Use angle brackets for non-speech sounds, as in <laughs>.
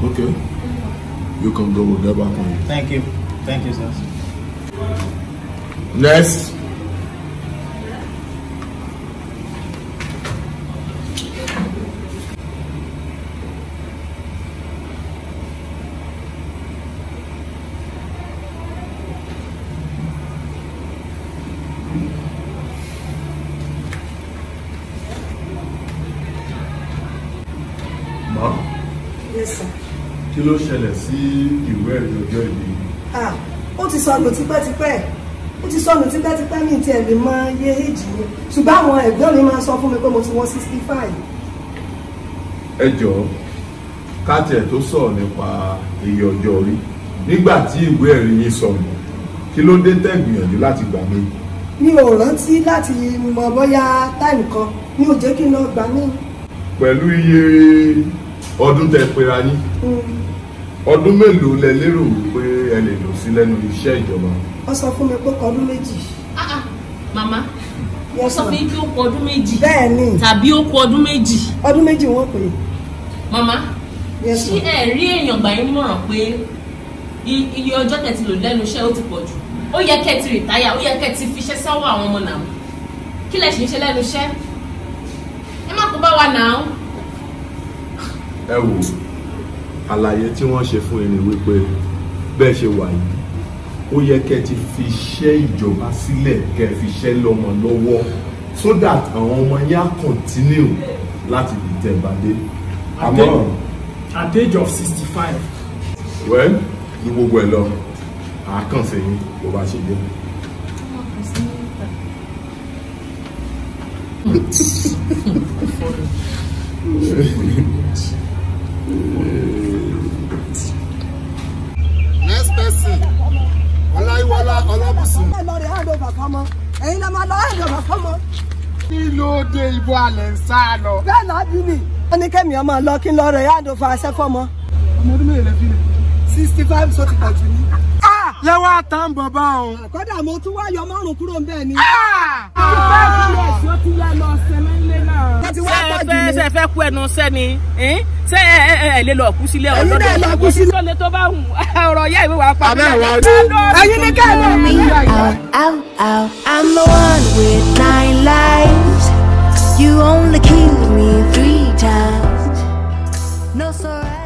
Okay. You can go, with that back on you. Thank you. Thank you, sir. Next. Yes, sir kí ló ṣẹlẹ̀ sí ìwé ẹ̀rí ọjọ́ ìbí mi. ó ti sọnù tipẹ́tipẹ́ ó ti sọnù tipẹ́tipẹ́ mi tiẹ̀ lè mọ iye èjì mi ṣùgbọ́n àwọn ẹ̀gbọ́n mi máa sọ fún mi pé mo ti wọ́n sixty five. ẹ jọ̀ọ́ ká tiẹ̀ tó sọ̀rọ̀ nípa iye ọjọ́ orí nígbà tí ìwé ẹ̀rí yín sọnù kí ló dé tẹ́ gbìyànjú láti gbà mí. mi ò rántí láti mọ bóyá táìmù kan mi ò jẹ́ kí n lọ gbà mí. pẹ̀lú iye ọdún tẹ pera yín. Hmm. ọdún mélòó lẹ lérò pé ẹ lè lò sí iṣẹ́ ìjọba. wọ́n sọ fún mi pé ọdún méjì. Ah, ah, màmá wọ́n sọ fún mi pé ó kọ ọdún méjì. tàbí ó kọ ọdún méjì. ọdún wọ́n pè màmá ṣí ẹ rí èèyàn gbà yín pé iye ọjọ́ lò lẹ́nu iṣẹ́ ó ti pọ̀ jù ó yẹ rìtáyà ó yẹ fiṣẹ́ sọ́wọ́ àwọn ọmọ kí ṣe ń ṣe lẹ́nu iṣẹ́ ẹ wa ẹ àlàyé tí wọ́n ṣe fún yín wípé bẹ́ẹ̀ ṣe wà yìí ó yẹ kẹ́ ti fi iṣẹ́ ìjọba sílẹ̀ kẹ́ fi iṣẹ́ lọ́mọ lọ́wọ́ so that àwọn ọmọ yẹn á continue láti lè tẹ̀ bá dé. àmọ́ at age of sixty five. well ní gbogbo ẹ̀ lọ àákànṣe yín bó bá ṣe dé. Thank <laughs> <laughs> correct. Next person, Ọláyíwọlá Ọlábùsùn. Ẹ lọ rẹ̀ hand over fọ́mọ, ẹ̀yin lọ máa hand over fọ́mọ. Kí ló dé ibo alẹ̀ ń sá lọ? Bẹ́ẹ̀ lábí ni. Wọ́n ní kẹ́mi ọmọ lọ kí n lọ rẹ̀ hand over aṣẹ́ fọ́mọ. Ọmọ ọdún mélòó lè fi Sixty five sọ́tì pàtó ni. Lẹ́wọ́ ah! àtàn bàbá o. Kọ́dà mo tún wá yọ márùn-ún kúrò ń ah! ah! bẹ́ẹ̀ ni. Ìfẹ́ ìfẹ́ ìṣó ti yẹ lọ ṣe fẹ́ kú ẹnu sẹ́ni ṣé ẹ ẹ lè lọ kú sílé ọ̀dọ́ náà lọ kú sílé ọ̀dọ́ tó bá hùn ọ̀rọ̀ yẹ́ ìwé wàá pàdé ẹ̀yin ní kẹ́lẹ́ mi. I'm the one with nine lives you only kill me three times no sorry.